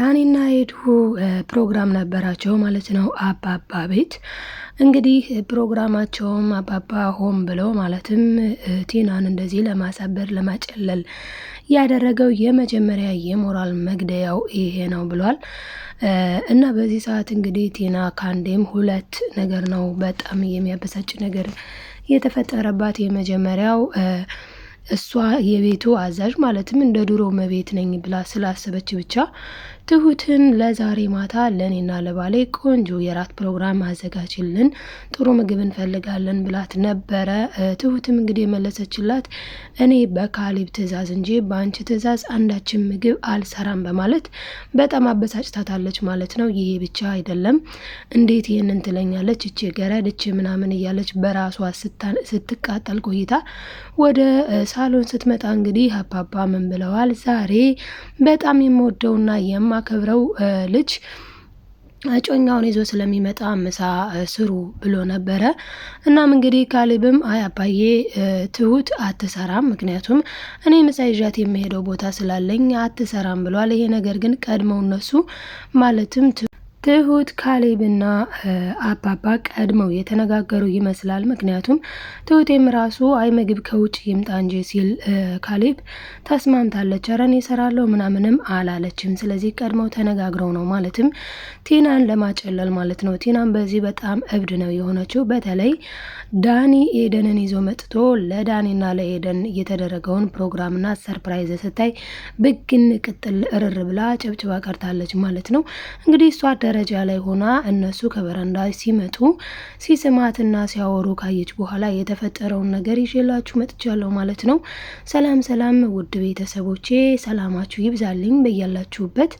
ዳኒና ኤዱ ፕሮግራም ነበራቸው ማለት ነው አባባ ቤት። እንግዲህ ፕሮግራማቸውም አባባ ሆም ብለው ማለትም ቲናን እንደዚህ ለማሳበር ለማጨለል ያደረገው የመጀመሪያ የሞራል መግደያው ይሄ ነው ብሏል። እና በዚህ ሰዓት እንግዲህ ቲና ካንዴም ሁለት ነገር ነው በጣም የሚያበሳጭ ነገር የተፈጠረባት። የመጀመሪያው እሷ የቤቱ አዛዥ ማለትም እንደ ድሮ መቤት ነኝ ብላ ስላሰበች ብቻ ትሁትን ለዛሬ ማታ ለእኔና ለባሌ ቆንጆ የራት ፕሮግራም አዘጋጅልን፣ ጥሩ ምግብ እንፈልጋለን ብላት ነበረ። ትሁትም እንግዲህ የመለሰችላት እኔ በካሊብ ትዕዛዝ እንጂ በአንቺ ትዕዛዝ አንዳችን ምግብ አልሰራም በማለት በጣም አበሳጭታታለች ማለት ነው። ይሄ ብቻ አይደለም፣ እንዴት ይህንን ትለኛለች እቺ ገረድ እቺ ምናምን እያለች በራሷ ስትቃጠል ቆይታ ወደ ሳሎን ስትመጣ እንግዲህ አባባ ምን ብለዋል ዛሬ በጣም የምወደውና የማ የማከብረው ልጅ እጮኛውን ይዞ ስለሚመጣ ምሳ ስሩ ብሎ ነበረ። እናም እንግዲህ ካሌብም አይ አባዬ ትሁት አትሰራም፣ ምክንያቱም እኔ ምሳ ይዣት የሚሄደው ቦታ ስላለኝ አትሰራም ብሏል። ይሄ ነገር ግን ቀድመው እነሱ ማለትም ትሁት ካሌብና አባባ ቀድመው የተነጋገሩ ይመስላል። ምክንያቱም ትሁቴም ራሱ አይ ምግብ ከውጭ ይምጣ እንጂ ሲል ካሌብ ተስማምታለች። ኧረ እኔ እሰራለሁ ምናምንም አላለችም። ስለዚህ ቀድመው ተነጋግረው ነው ማለትም ቲናን ለማጨለል ማለት ነው። ቲናን በዚህ በጣም እብድ ነው የሆነችው። በተለይ ዳኒ ኤደንን ይዞ መጥቶ ለዳኒና ለኤደን የተደረገውን ፕሮግራምና ሰርፕራይዝ ስታይ ብግን ቅጥል እርር ብላ ጨብጭባ ቀርታለች ማለት ነው። እንግዲህ እሷ ደረጃ ላይ ሆና እነሱ ከበረንዳ ሲመጡ ሲስማትና ሲያወሩ ካየች በኋላ የተፈጠረውን ነገር ይዤላችሁ መጥቻለሁ ማለት ነው። ሰላም ሰላም፣ ውድ ቤተሰቦቼ ሰላማችሁ ይብዛልኝ በያላችሁበት።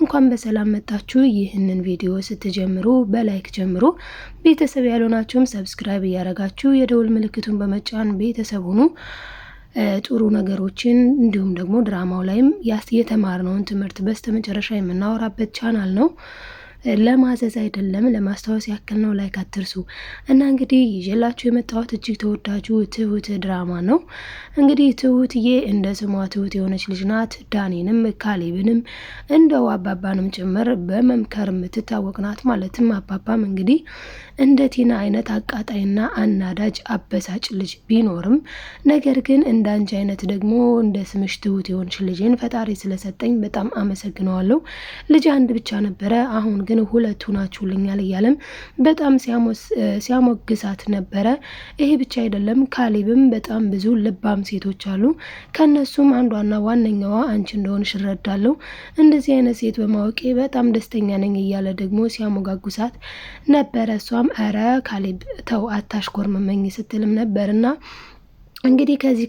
እንኳን በሰላም መጣችሁ። ይህንን ቪዲዮ ስትጀምሩ በላይክ ጀምሩ። ቤተሰብ ያልሆናችሁም ሰብስክራይብ እያረጋችሁ የደውል ምልክቱን በመጫን ቤተሰብ ሁኑ። ጥሩ ነገሮችን እንዲሁም ደግሞ ድራማው ላይም የተማርነውን ትምህርት በስተመጨረሻ የምናወራበት ቻናል ነው። ለማዘዝ አይደለም ለማስታወስ ያክል ነው። ላይክ አትርሱ እና እንግዲህ ይዤላችሁ የመጣሁት እጅግ ተወዳጁ ትሁት ድራማ ነው። እንግዲህ ትሁትዬ እንደ ስሟ ትሁት የሆነች ልጅ ናት። ዳኔንም ካሌብንም እንደው አባባንም ጭምር በመምከር የምትታወቅ ናት። ማለትም አባባም እንግዲህ እንደ ቲና አይነት አቃጣይና አናዳጅ አበሳጭ ልጅ ቢኖርም ነገር ግን እንደ አንቺ አይነት ደግሞ እንደ ስምሽ ትሁት የሆንሽ ልጅን ፈጣሪ ስለሰጠኝ በጣም አመሰግነዋለሁ። ልጅ አንድ ብቻ ነበረ አሁን ግን ግን ሁለቱ ናችሁልኛል እያለም በጣም ሲያሞግሳት ነበረ። ይሄ ብቻ አይደለም፣ ካሌብም በጣም ብዙ ልባም ሴቶች አሉ። ከእነሱም አንዷና ዋነኛዋ አንቺ እንደሆንሽ እረዳለሁ። እንደዚህ አይነት ሴት በማወቄ በጣም ደስተኛ ነኝ እያለ ደግሞ ሲያሞጋጉሳት ነበረ። እሷም ኧረ ካሌብ ተው አታሽኮርምመኝ ስትልም ነበርና እንግዲህ ከዚህ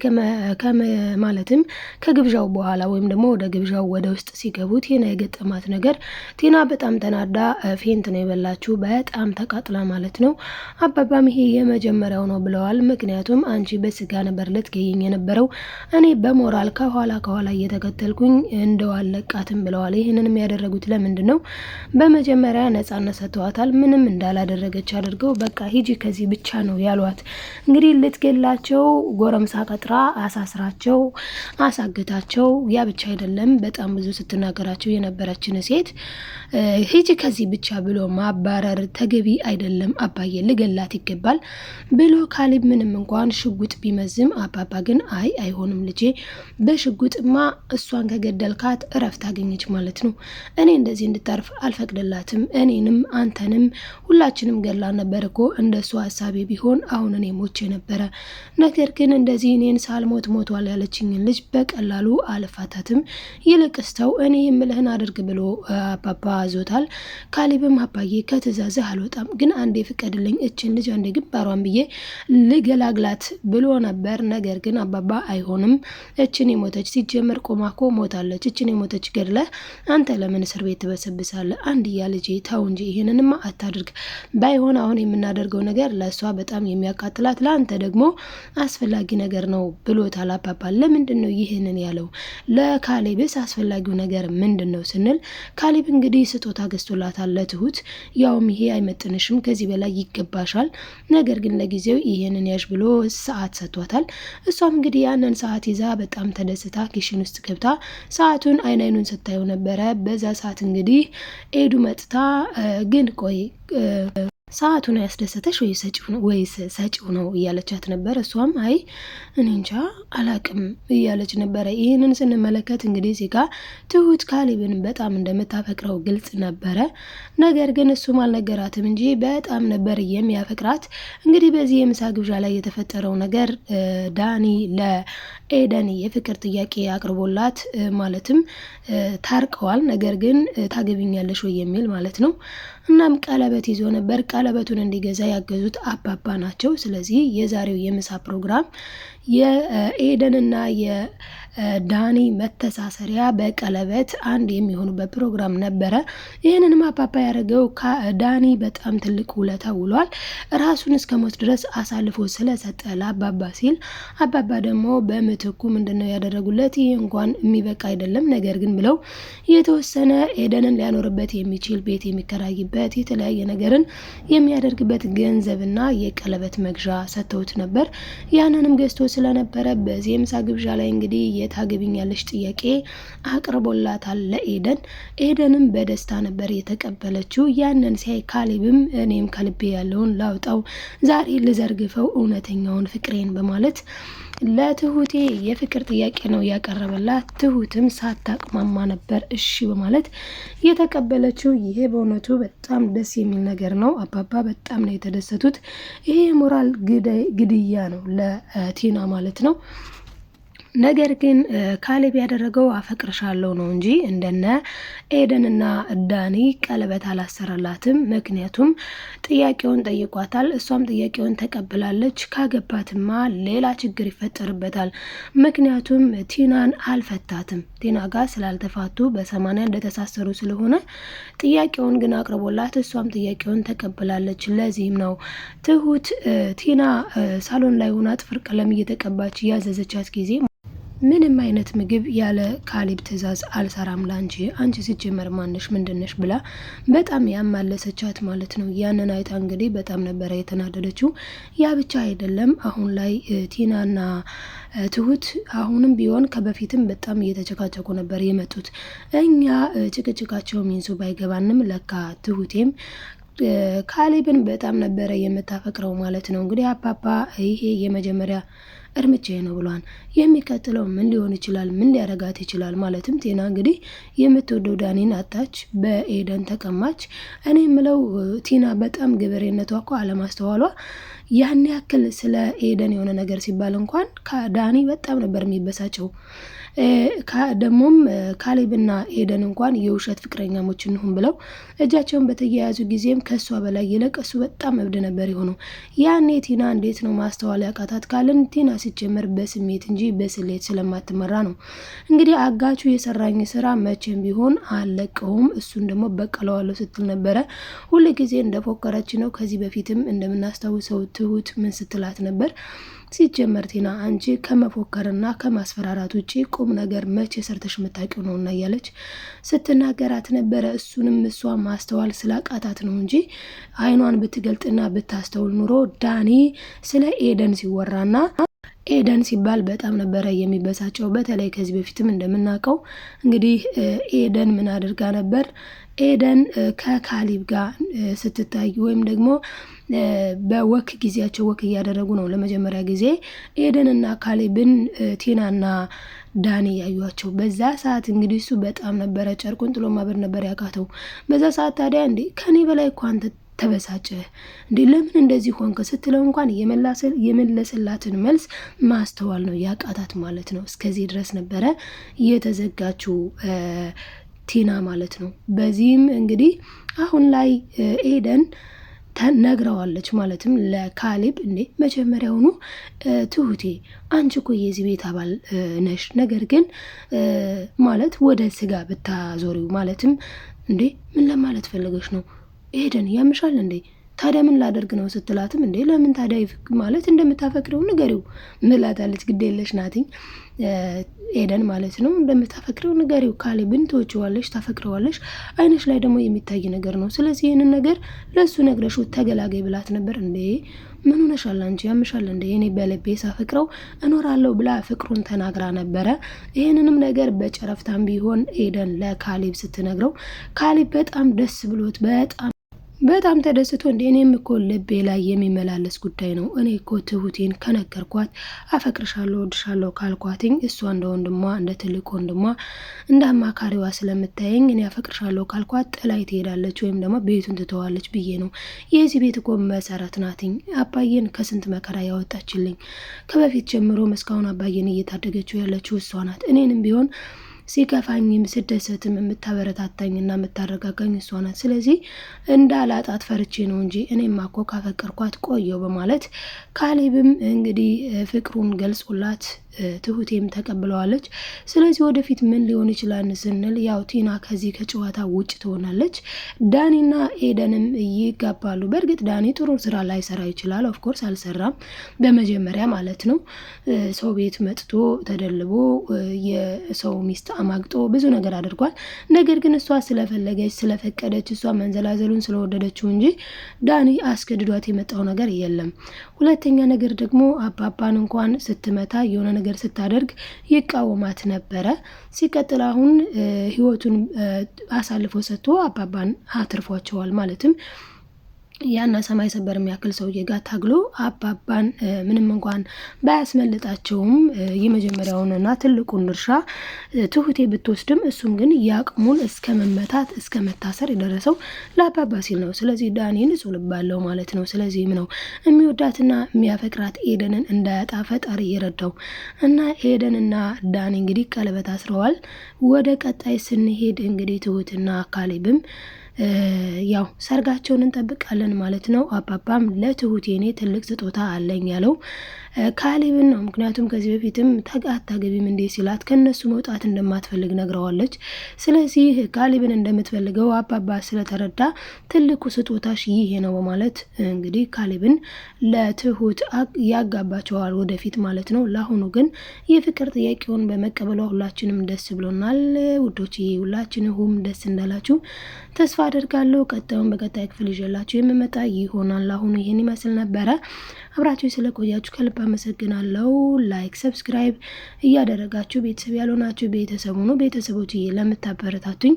ማለትም ከግብዣው በኋላ ወይም ደግሞ ወደ ግብዣው ወደ ውስጥ ሲገቡ ቴና የገጠማት ነገር ቴና በጣም ተናዳ ፌንት ነው የበላችሁ፣ በጣም ተቃጥላ ማለት ነው። አባባም ይሄ የመጀመሪያው ነው ብለዋል። ምክንያቱም አንቺ በስጋ ነበር ልትገይኝ የነበረው፣ እኔ በሞራል ከኋላ ከኋላ እየተከተልኩኝ እንደው አለቃትም ብለዋል። ይህንን የሚያደረጉት ለምንድን ነው? በመጀመሪያ ነጻነት ሰጥተዋታል። ምንም እንዳላደረገች አድርገው በቃ ሂጂ ከዚህ ብቻ ነው ያሏት። እንግዲህ ልትገላቸው ጎረምሳ ቀጥራ አሳስራቸው አሳግታቸው፣ ያ ብቻ አይደለም፣ በጣም ብዙ ስትናገራቸው የነበረችን ሴት ሂጂ ከዚህ ብቻ ብሎ ማባረር ተገቢ አይደለም፣ አባዬ ልገላት ይገባል ብሎ ካሊብ ምንም እንኳን ሽጉጥ ቢመዝም፣ አባባ ግን አይ አይሆንም ልጄ፣ በሽጉጥማ እሷን ከገደልካት እረፍት አገኘች ማለት ነው። እኔ እንደዚህ እንድታርፍ አልፈቅድላትም። እኔንም አንተንም ሁላችንም ገላ ነበር እኮ እንደሱ ሀሳቤ ቢሆን አሁን እኔ ሞቼ ነበረ። ነገር ግን እንደዚህ እኔን ሳልሞት ሞቷል ያለችኝን ልጅ በቀላሉ አልፋታትም። ይልቅ ስተው እኔ የምልህን አድርግ ብሎ አባባ አዞታል። ካሊብም አባዬ ከትእዛዝህ አልወጣም፣ ግን አንዴ ፍቀድልኝ፣ እችን ልጅ አንዴ ግንባሯን ብዬ ልገላግላት ብሎ ነበር። ነገር ግን አባባ አይሆንም፣ እችን የሞተች ሲጀመር ቆማ እኮ ሞታለች፣ እችን የሞተች ገድለ አንተ ለምን እስር ቤት ትበሰብሳለህ? አንድያ ልጄ ተው እንጂ ይህንንማ አታድርግ። ባይሆን አሁን የምናደርገው ነገር ለእሷ በጣም የሚያቃጥላት ለአንተ ደግሞ አስፈላጊ አስፈላጊ ነገር ነው ብሎታል አባባ። ለምንድን ነው ይህንን ያለው? ለካሌብስ አስፈላጊው ነገር ምንድን ነው ስንል ካሌብ እንግዲህ ስጦታ ገዝቶላታል ለትሁት። ያውም ይሄ አይመጥንሽም፣ ከዚህ በላይ ይገባሻል፣ ነገር ግን ለጊዜው ይህንን ያዥ ብሎ ሰዓት ሰጥቷታል። እሷም እንግዲህ ያንን ሰዓት ይዛ በጣም ተደስታ ኪሽን ውስጥ ገብታ ሰዓቱን አይን አይኑን ስታየው ነበረ። በዛ ሰዓት እንግዲህ ኤዱ መጥታ ግን ቆይ ሰዓቱን ያስደሰተሽ ወይስ ሰጪው ነው እያለቻት ነበረ። እሷም አይ እኔ እንጃ አላቅም እያለች ነበረ። ይህንን ስንመለከት እንግዲህ እዚህ ጋ ትሁት ካሊብን በጣም እንደምታፈቅረው ግልጽ ነበረ። ነገር ግን እሱም አልነገራትም እንጂ በጣም ነበር የሚያፈቅራት። እንግዲህ በዚህ የምሳ ግብዣ ላይ የተፈጠረው ነገር ዳኒ ለኤደን የፍቅር ጥያቄ አቅርቦላት ማለትም ታርቀዋል። ነገር ግን ታገቢኛለሽ ወይ የሚል ማለት ነው። እናም ቀለበት ይዞ ነበር። ቀለበቱን እንዲገዛ ያገዙት አባባ ናቸው። ስለዚህ የዛሬው የምሳ ፕሮግራም የኤደንና የዳኒ መተሳሰሪያ በቀለበት አንድ የሚሆኑበት ፕሮግራም ነበረ። ይህንንም አፓፓ ያደረገው ዳኒ በጣም ትልቅ ውለታ ውሏል። ራሱን እስከ ሞት ድረስ አሳልፎ ስለሰጠ ለአባባ ሲል አባባ ደግሞ በምትኩ ምንድነው ያደረጉለት? ይህ እንኳን የሚበቃ አይደለም፣ ነገር ግን ብለው የተወሰነ ኤደንን ሊያኖርበት የሚችል ቤት የሚከራይበት የተለያየ ነገርን የሚያደርግበት ገንዘብና የቀለበት መግዣ ሰጥተውት ነበር። ያንንም ገዝቶ ስለነበረ በዚህ የምሳ ግብዣ ላይ እንግዲህ የታገቢኛለሽ ጥያቄ አቅርቦላታል ለኤደን። ኤደንም በደስታ ነበር የተቀበለችው። ያንን ሲያይ ካሌብም እኔም ከልቤ ያለውን ላውጣው፣ ዛሬ ልዘርግፈው እውነተኛውን ፍቅሬን በማለት ለትሁቴ የፍቅር ጥያቄ ነው ያቀረበላት። ትሁትም ሳታቅማማ ነበር እሺ በማለት የተቀበለችው። ይሄ በእውነቱ በጣም ደስ የሚል ነገር ነው። አባባ በጣም ነው የተደሰቱት። ይሄ የሞራል ግድያ ነው ለቲና ማለት ነው ነገር ግን ካሌብ ያደረገው አፈቅርሻለሁ ነው እንጂ እንደነ ኤደንና ዳኒ ቀለበት አላሰረላትም። ምክንያቱም ጥያቄውን ጠይቋታል፣ እሷም ጥያቄውን ተቀብላለች። ካገባትማ ሌላ ችግር ይፈጠርበታል። ምክንያቱም ቲናን አልፈታትም። ቲና ጋር ስላልተፋቱ በሰማንያ እንደተሳሰሩ ስለሆነ ጥያቄውን ግን አቅርቦላት፣ እሷም ጥያቄውን ተቀብላለች። ለዚህም ነው ትሁት ቲና ሳሎን ላይ ሆና ጥፍር ቀለም እየተቀባች እያዘዘቻት ጊዜ ምንም አይነት ምግብ ያለ ካሊብ ትዕዛዝ አልሰራም ላንቺ፣ አንቺ ሲጀመር ማነሽ ምንድነሽ ብላ በጣም ያማለሰቻት ማለት ነው። ያንን አይታ እንግዲህ በጣም ነበረ የተናደደችው። ያ ብቻ አይደለም፣ አሁን ላይ ቲናና ትሁት አሁንም ቢሆን ከበፊትም በጣም እየተጨቃጨቁ ነበር የመጡት። እኛ ጭቅጭቃቸው ሚንሱ ባይገባንም ለካ ትሁቴም ካሊብን በጣም ነበረ የምታፈቅረው ማለት ነው። እንግዲህ አፓፓ ይሄ የመጀመሪያ እርምጃ ነው ብሏል። የሚቀጥለው ምን ሊሆን ይችላል? ምን ሊያረጋት ይችላል? ማለትም ቴና እንግዲህ የምትወደው ዳኒን አጣች፣ በኤደን ተቀማች። እኔ የምለው ቲና በጣም ግብሬነቷ እኮ አለማስተዋሏ ያን ያክል ስለ ኤደን የሆነ ነገር ሲባል እንኳን ከዳኒ በጣም ነበር የሚበሳጨው። ደግሞም ካሌብና ኤደን እንኳን የውሸት ፍቅረኛሞች እንሁን ብለው እጃቸውን በተያያዙ ጊዜም ከእሷ በላይ ይለቅ እሱ በጣም እብድ ነበር የሆነው። ያኔ ቲና እንዴት ነው ማስተዋል ያቃታት ካልን ቲና ሲጀመር በስሜት እንጂ በስሌት ስለማትመራ ነው። እንግዲህ አጋቹ የሰራኝ ስራ መቼም ቢሆን አለቀውም እሱን ደግሞ በቀለዋለሁ ስትል ነበረ። ጊዜ እንደፎከረች ነው። ከዚህ በፊትም እንደምናስታውሰው ትሁት ምን ስትላት ነበር? ሲጀመር ቲና አንቺ ከመፎከርና ከማስፈራራት ውጭ ቁም ነገር መቼ ሰርተሽ የምታውቂው እና እያለች ስትናገራት ነበረ። እሱንም እሷ ማስተዋል ስላቃታት ነው እንጂ አይኗን ብትገልጥና ብታስተውል ኑሮ ዳኒ ስለ ኤደን ሲወራና ኤደን ሲባል በጣም ነበረ የሚበሳጨው። በተለይ ከዚህ በፊትም እንደምናውቀው እንግዲህ ኤደን ምን አድርጋ ነበር? ኤደን ከካሊብ ጋር ስትታይ ወይም ደግሞ በወክ ጊዜያቸው ወክ እያደረጉ ነው ለመጀመሪያ ጊዜ ኤደንና ካሌብን ቲናና ዳን ያዩቸው። በዛ ሰዓት እንግዲህ እሱ በጣም ነበረ ጨርቁን ጥሎ ማበድ ነበር ያቃተው። በዛ ሰዓት ታዲያ እንዴ ከኔ በላይ እኮ አንተ ተበሳጨ እንዴ ለምን እንደዚህ ሆንክ ስትለው እንኳን የመለሰላትን መልስ ማስተዋል ነው ያቃታት ማለት ነው። እስከዚህ ድረስ ነበረ የተዘጋችው ቲና ማለት ነው። በዚህም እንግዲህ አሁን ላይ ኤደን ተነግረዋለች ማለትም ለካሌብ እንዴ መጀመሪያውኑ ትሁቴ አንቺ እኮ የዚህ ቤት አባል ነሽ፣ ነገር ግን ማለት ወደ ስጋ ብታዞሪው ማለትም እንዴ ምን ለማለት ፈለገች ነው? ኤደን ያምሻል እንዴ ታዲያ ምን ላደርግ ነው ስትላትም፣ እንዴ ለምን ታዲያ ማለት እንደምታፈቅደው ንገሪው ምላታለች። ግዴለሽ ናትኝ ኤደን ማለት ነው። እንደምታፈቅደው ንገሪው፣ ካሌብን ትወጪዋለሽ፣ ታፈቅረዋለሽ፣ አይንሽ ላይ ደግሞ የሚታይ ነገር ነው። ስለዚህ ይህንን ነገር ለእሱ ነግረሽ ተገላገይ ብላት ነበር። እንዴ ምን ሆነሻል አንቺ ያምሻል እንደ እኔ በልቤ ሳፈቅረው እኖራለሁ ብላ ፍቅሩን ተናግራ ነበረ። ይህንንም ነገር በጨረፍታም ቢሆን ኤደን ለካሌብ ስትነግረው ካሌብ በጣም ደስ ብሎት በጣም በጣም ተደስቶ እንዲ እኔም እኮ ልቤ ላይ የሚመላለስ ጉዳይ ነው። እኔ እኮ ትሁቴን ከነገርኳት አፈቅርሻለሁ፣ ወድሻለሁ ካልኳትኝ እሷ እንደ ወንድሟ እንደ ትልቅ ወንድሟ እንደ አማካሪዋ ስለምታየኝ እኔ አፈቅርሻለሁ ካልኳት ጥላይ ትሄዳለች ወይም ደግሞ ቤቱን ትተዋለች ብዬ ነው። የዚህ ቤት እኮ መሰረት ናትኝ። አባዬን ከስንት መከራ ያወጣችልኝ ከበፊት ጀምሮ እስካሁን አባዬን እየታደገችው ያለችው እሷ ናት። እኔንም ቢሆን ሲከፋኝም ስደሰትም የምታበረታታኝና የምታረጋጋኝ እሷ ናት። ስለዚህ እንዳላጣት ፈርቼ ነው እንጂ እኔማ እኮ ካፈቀርኳት ቆየው በማለት ካሌብም እንግዲህ ፍቅሩን ገልጾላት ትሁቴም ተቀብለዋለች። ስለዚህ ወደፊት ምን ሊሆን ይችላል ስንል ያው ቲና ከዚህ ከጨዋታ ውጭ ትሆናለች። ዳኒና ኤደንም ይጋባሉ። በእርግጥ ዳኒ ጥሩ ስራ ላይሰራ ይችላል። ኦፍኮርስ አልሰራም፣ በመጀመሪያ ማለት ነው። ሰው ቤት መጥቶ ተደልቦ የሰው ሚስት አማግጦ ብዙ ነገር አድርጓል። ነገር ግን እሷ ስለፈለገች ስለፈቀደች እሷ መንዘላዘሉን ስለወደደችው እንጂ ዳኒ አስገድዷት የመጣው ነገር የለም። ሁለተኛ ነገር ደግሞ አባባን እንኳን ስትመታ የሆነ ነገር ስታደርግ ይቃወማት ነበረ። ሲቀጥል አሁን ህይወቱን አሳልፎ ሰጥቶ አባባን አትርፏቸዋል ማለትም ያና ሰማይ ሰበር የሚያክል ሰውዬ ጋር ታግሎ አባባን ምንም እንኳን ባያስመልጣቸውም የመጀመሪያውንና ትልቁን ድርሻ ትሁቴ ብትወስድም እሱም ግን የአቅሙን እስከ መመታት እስከ መታሰር የደረሰው ለአባባ ሲል ነው። ስለዚህ ዳኒ ንጹሕ ልብ አለው ማለት ነው። ስለዚህም ነው የሚወዳትና የሚያፈቅራት ኤደንን እንዳያጣ ፈጣሪ የረዳው እና ኤደንና ዳኒ እንግዲህ ቀለበት አስረዋል። ወደ ቀጣይ ስንሄድ እንግዲህ ትሁትና ካሌብም ያው ሰርጋቸውን እንጠብቃለን ማለት ነው። አባባም ለትሁቴኔ ትልቅ ስጦታ አለኝ ያለው ካሌብን ነው። ምክንያቱም ከዚህ በፊትም አታገቢም እንዴ ሲላት ከነሱ መውጣት እንደማትፈልግ ነግረዋለች። ስለዚህ ካሌብን እንደምትፈልገው አባባ ስለተረዳ ትልቁ ስጦታሽ ይሄ ነው በማለት እንግዲህ ካሌብን ለትሁት ያጋባቸዋል ወደፊት ማለት ነው። ለአሁኑ ግን የፍቅር ጥያቄውን በመቀበሏ ሁላችንም ደስ ብሎናል። ውዶች ሁላችንም ደስ እንዳላችሁ ተስፋ አደርጋለሁ። ቀጣዩን በቀጣይ ክፍል ይዤላችሁ የምመጣ ይሆናል። አሁኑ ይህን ይመስል ነበረ። አብራችሁ ስለቆያችሁ ከልባ አመሰግናለሁ። ላይክ፣ ሰብስክራይብ እያደረጋችሁ ቤተሰብ ያልሆናችሁ ቤተሰብ ሆኖ ቤተሰቦች ለምታበረታቱኝ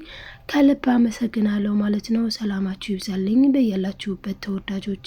ከልብ አመሰግናለሁ ማለት ነው። ሰላማችሁ ይብዛልኝ በያላችሁበት ተወዳጆች